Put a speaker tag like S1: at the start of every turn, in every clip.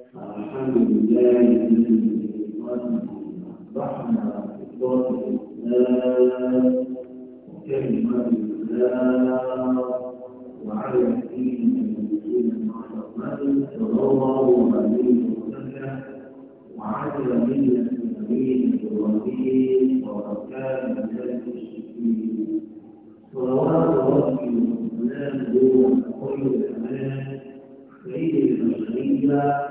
S1: الحمد لله الذي أصبحنا بصوت الإسلام وكلمة الإسلام وعلى الدين المسلمين محمد صلى الله عليه وسلم وعلى ملة النبي إبراهيم وأركان ملة الشركين صلوات ربي وسلامه على خير الأمان سيد البشرية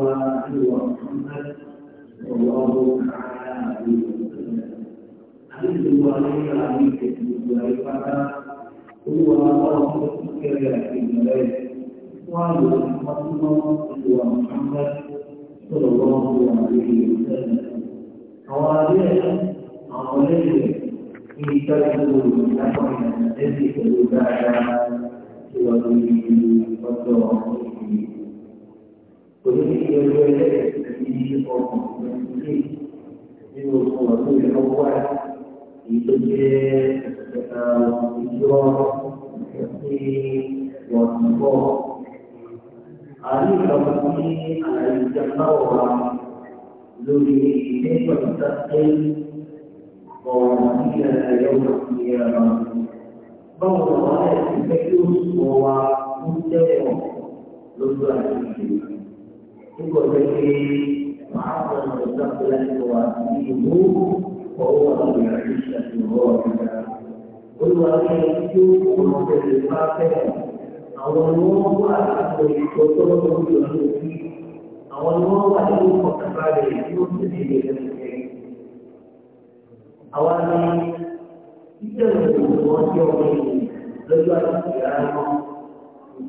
S1: وآله ومحمد والله تعالى عليه وسلم حديث الوالي العميد الوالي هو الله كذا في الملائكة وعلى محمد ومحمد صلى الله عليه وسلم حواليه حواليه في تلك النحو الذي تدعى وفي قدره onídìí ẹgbẹ́ ẹlẹ́sìn ní ọkùnrin ilé nínú oṣù ọdún ìlọ́wọ́ èyí tó jẹ́ ìjọ ní wọ̀nbọ̀. àárín ìjọba ní àlàyé ìjọba ọ̀la lórí ilé ìgbàlódé ṣe ọ̀rọ̀ ní ìlànà ìyọ̀wọ̀ ní ẹ̀rọ. báwo ni wọ́n lè fi fẹ́ kí ó sọ wa ń tẹ̀wọ̀n lójú àti ìṣèlú? يقول لي معظم الرزق له وأهله وهو رب العزة الراحلة والوالد يوم في الفاتحة أو النور أكبر وطلب الوجود أو النور أكبر فكبر يوسف إلى أولا إذا لم يكن هناك يوم لجأت إلى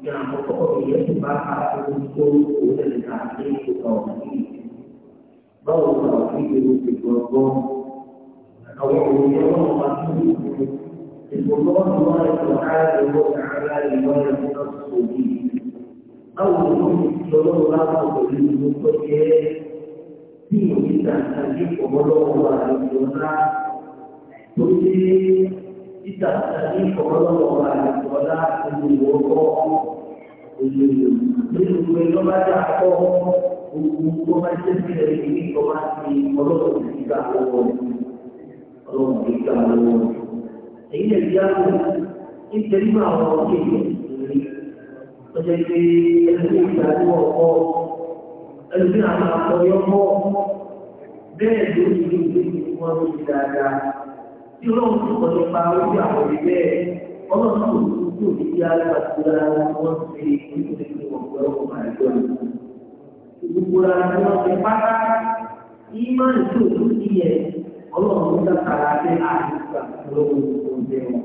S1: yang pokok dia dibahas untuk organisasi ekonomi. Bahawa kalau hidup di Borgong, kalau beliau memasuki Dikumpulkan Allah Subhanahu wa Ta'ala di dalam Rasulullah. Awal mungkin seluruh orang beri buku ke Tiada kita nanti pemulung Allah Subhanahu wa Ta'ala. Tulis títà tàbí ọ̀pọ̀lọpọ̀ àìsọ̀lá ìlú ọkọ̀ òyìnbó nínú pé lọ́ba jà kọ́ gbogbo tó bá jẹ́ sílẹ̀ ìdí ọba ti ọlọ́pàá ìgbà lọ́wọ́ ọlọ́pàá ìgbà lọ́wọ́. èyí lè fi àwọn nítorí mọ àwọn ọ̀kẹ́ ìrìn lọ́jọ́ pé ẹni ìgbà tí wọ́n kọ́ ẹni tí àwọn akọ̀yọ́ kọ́ bẹ́ẹ̀ ló ti ní ìgbésí wọn ló ti dáadáa. tí wọ́n tún kọ́ ní pa orí àwọn ìgbẹ́ ọlọ́run tó tún tó ní bí alága tó dára wọn wọ́n ti fi ní ìpínlẹ̀ tó wọ̀ pẹ́ ọkọ̀ àìjọ ni. Ìgbùgbò ra ni wọ́n ti pátá ní máa ń tó tó sí yẹ ọlọ́run ló dákàrà bẹ́ àdúgbà lọ́wọ́ ìgbòho jẹ wọn.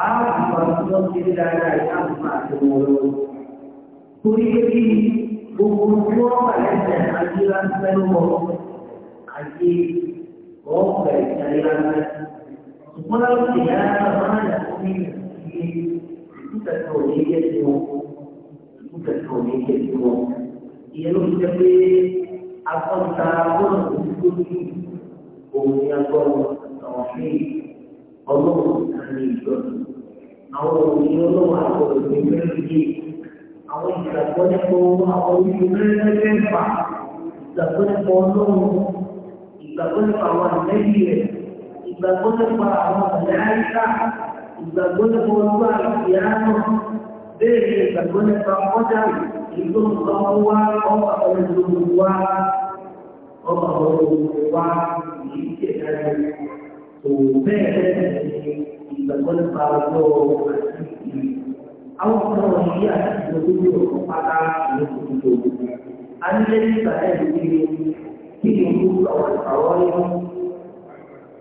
S1: A àgbà tí wọ́n ti rí dáadáa yìí á ti máa tẹ wọn lọ. Torí pé kí gbogbo tí wọ́n wà lẹ́sẹ̀ ajé láti fẹ́ lọ́wọ́ ajé ọ̀pẹ̀ ìtàlẹ́ Walau dia banyak memilih itu tak tahu dia dia semua. Itu tak tahu dia dia semua. Ia lu sekali apa kita pun mengikuti kemudian kau mengetahui Allah menghani itu. Awal dia lu aku memiliki awal kita punya kau awal dia punya kenapa? Tak punya kau lu tak punya kawan lagi dibangun kepada Allah dan kita dibangun kepada Allah yang dari dibangun kepada itu semua Allah yang semua Allah yang semua di sini sumber dibangun kepada Allah Allah yang dia kepada itu Anjay saya di sini, di sini juga orang-orang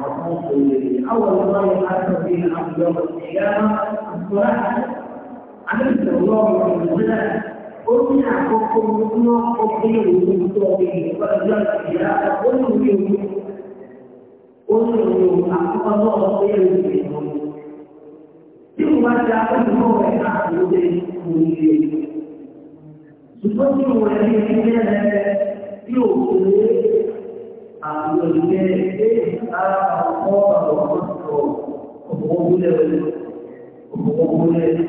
S1: مطلوب أول ما يحاسب فيه العبد يوم القيامة الصلاة عملت الله من الغنى قلنا حكم مطلوب حكمه من صوته فأجلت إلى قلبه قلبه أحق الله خيره ثم جعله هو يعبد المدير سبحانه وتعالى يوصل Àgbẹ̀lẹ̀ ara ọ̀pọ̀ àwọn ọ̀pọ̀ ògbógbólẹ̀ ògbógbólẹ̀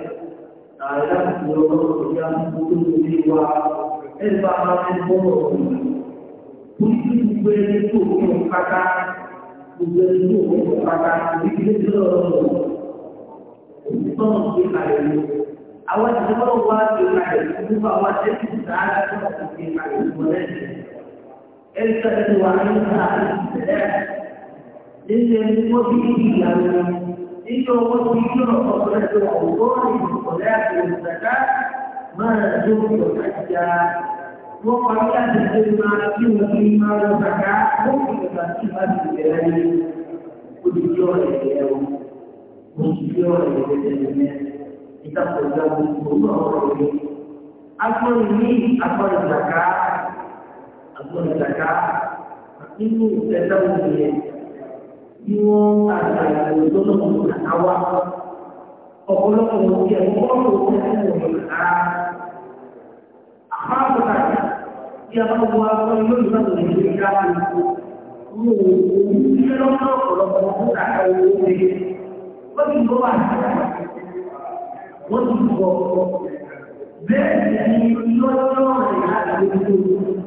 S1: àìlá ìlọ́rọ̀ ìyá gbogbo ní wa ẹgbà àwọn ẹgbọ́rọ̀ òní. Bùsí gbogbo ẹni tó kí o pátá, gbogbo ẹni tó kí o pátá, ìdílé tí lọ́rọ̀ lọ́rọ̀. Òtítọ́ náà gbé Àwọn ìjọba wa tó kọ̀ gbé kalẹ̀ lọ el tratamiento de la vida. Es el mismo sentido, ¿no? Es el mismo sentido, ¿no? Por eso, autor y colegio de la casa, más de un millón de personas, no podrían sentir más de un millón de personas, ¿no? Porque la gente va a vivir en el mundo, àbúrò ìjàká nínú ìtẹ́lá òun yẹn bí wọ́n àgbà ìwòsàn náà kò kàkà wá ọ̀pọ̀lọpọ̀ òun yẹn wọ́n kò tẹ́lẹ̀ òun kàkà. Àpapọ̀ kàkà bí a bá wọ akọ lórí náà lè ṣe ká lóko. Mo ò ní lọ́kọ̀ ọ̀pọ̀lọpọ̀ fún kàkà owó ṣe. Wọ́n ti gbọ́ àṣà wọ́n ti gbọ́ ọ̀pọ̀. Bẹ́ẹ̀ ni lọ́jọ́ rẹ̀ láti lóko.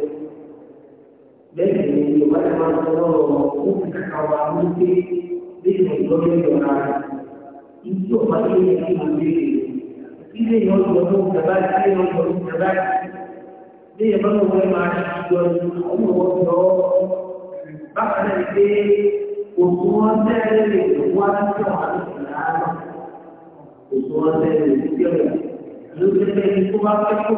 S1: máa sọ̀rọ̀ ó fi kàkà wà ní pé lẹ́yìn ìlọ́jọ́ ìjọba rẹ̀. Ibi tí ọ̀pá lè yẹ kí wọ́n léèrè. Ilé yẹn ọjọ́ tó ń jàmbá ilé yẹn ọjọ́ tó ń jàmbá. Ilé yẹn bọ́lá wọlé máa ṣe ìjọ ọmọ wọn lọ. Bákan náà pé òkú wọn tẹ́lẹ̀ lè wá sí àwọn àlùfáà. Òkú wọn tẹ́lẹ̀ lè fi ọ̀rọ̀. Ló tẹ́lẹ̀ ní kó bá fẹ́ kó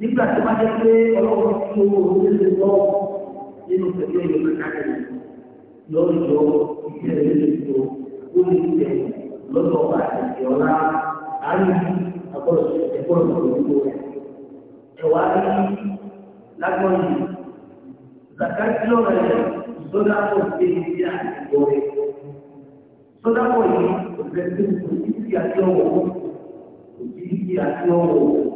S1: nígbà tí wọ́n jẹ́ pé ọlọ́run tí owó orílẹ̀ lọ́wọ́ nínú pẹ̀lú ẹ̀yọ́ kàkàrẹ̀ lọ́jọ́ ìṣẹ́ ìṣètò olùdíje lọ́dọ̀ àti ọ̀la àárín àgbọ̀dọ̀ ẹ̀kọ́ ìṣòro gbogbo rẹ̀. ẹ̀wà rí lágbọ́yìn zakatilo rẹ̀ sódàpọ̀ ṣe ìdí àtìgbọ́ rẹ̀. sódàpọ̀ yìí kò fẹ́ sí ìdí àti ọ̀wọ̀ kò àti ọ̀wọ̀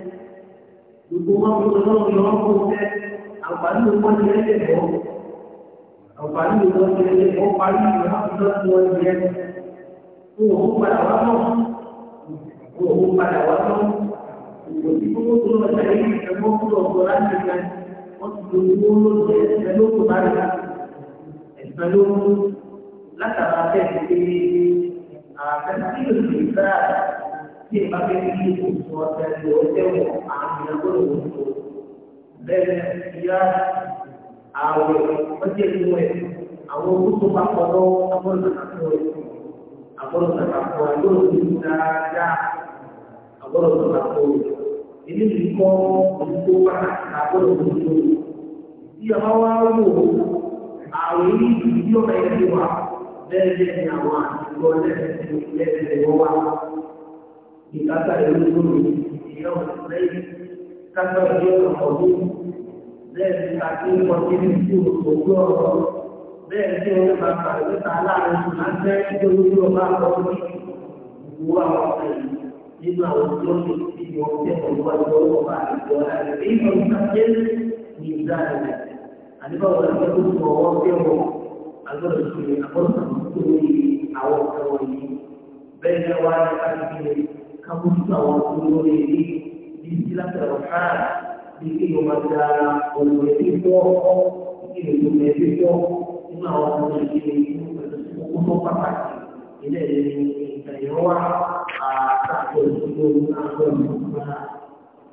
S1: gbogbo wọn kó lọ́wọ́ lọ́wọ́ kó fẹ́ àǹfààní ló wọ́n ti lẹ́yìn bọ́ àǹfààní ló wọ́n ti lẹ́yìn bọ́ parí ìlú àkùtọ́ tí wọ́n ti yẹ kó o kó padà wá mọ́ kó o padà wá mọ́ òbí gbogbo tó lọ sẹ́yìn ìṣẹ́gbọ́ kúrò ọ̀gbọ́n láti ṣe wọ́n ti lo owó lóṣù ẹ̀sẹ̀ ló kó bá rẹ̀ ẹ̀sẹ̀ ló kó látara bẹ́ẹ̀ pé àfẹ́sí òṣèlú tí ìbá fẹ́ kí oṣù ọ̀sẹ̀ lò ó tẹ̀wọ̀ àwọn ènìyàn tó lò ó tó bẹ́ẹ̀ ìyá ààwẹ̀ ọjọ́ ìlú ẹ̀ àwọn olùkọ́ bá kọ́ lọ́wọ́ agbọ́dọ̀ kàkọ́ ẹ̀ agbọ́dọ̀ kàkọ́ ẹ̀ yóò ní dáadáa agbọ́dọ̀ kàkọ́ ẹ̀ èmi kì í kọ́ olùkọ́ bá agbọ́dọ̀ kàkọ́ ẹ̀ tí a bá wá wò ààwẹ̀ yìí yóò bẹ̀rẹ̀ wà bẹ́ẹ̀ bẹ́ẹ̀ ni àwọn àtìgbọ́ lẹ́sẹ̀ lẹ́sẹ̀ wọ́n wá. بأثر الوجود في يوم الليل كثر يوم الحضور بين تعطيل وتين في الوجوه bẹ́ẹ̀ tí wọ́n bá pàdé níta láàrin máa fẹ́ tí olójú ọba àwọn ní ìwú àwọn ọ̀sẹ̀ yìí nínú àwọn tí ó lè fi wọn tẹ́ olúwájú ọwọ́ bá àjọ àti èyí ló ń sáfẹ́ ní ìdá rẹ̀. àdébáwò tó fún ọwọ́ tẹ́ wọn agbọ́dọ̀ tó ní àwọn ọ̀sẹ̀ wọ̀nyí bẹ́ẹ̀ ni wọ́n ní ká kamu juga waktu ini di istilah terbesar di kilometer oleh itu ini oleh itu ini awak mesti untuk apa ini ini dari awak tak boleh tak boleh tak boleh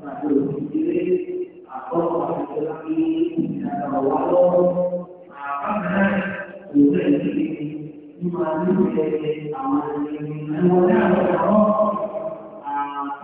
S1: tak boleh tak boleh tak boleh tak boleh tak boleh tak boleh tak boleh tak boleh tak boleh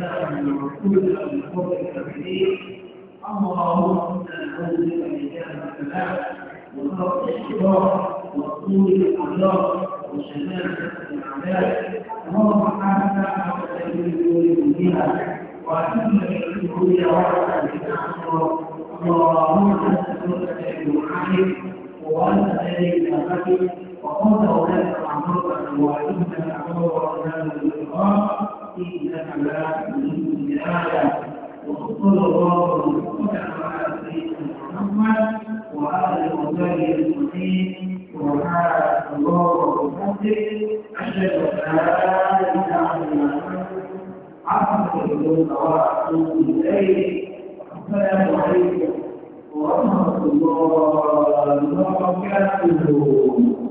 S1: نحن نقول الحب الكبير اللهم انزل السلام وخلق الشرار وطول الاعراض وشماته الاعداء اللهم حافظ على تدبير بها واتم بالحلول وعلى بالعفو اللهم انت نصرك بمعانك وانت الذي نافك وقلت اولئك عمرك وانت الامر واولاد الكرام إنك لا وصلى الله وسلم على سيدنا محمد وآل وصحبه أجمعين أشهد أن لا إله إلا أنت أستغفرك وأتوب إليك السلام عليكم ورحمة الله وبركاته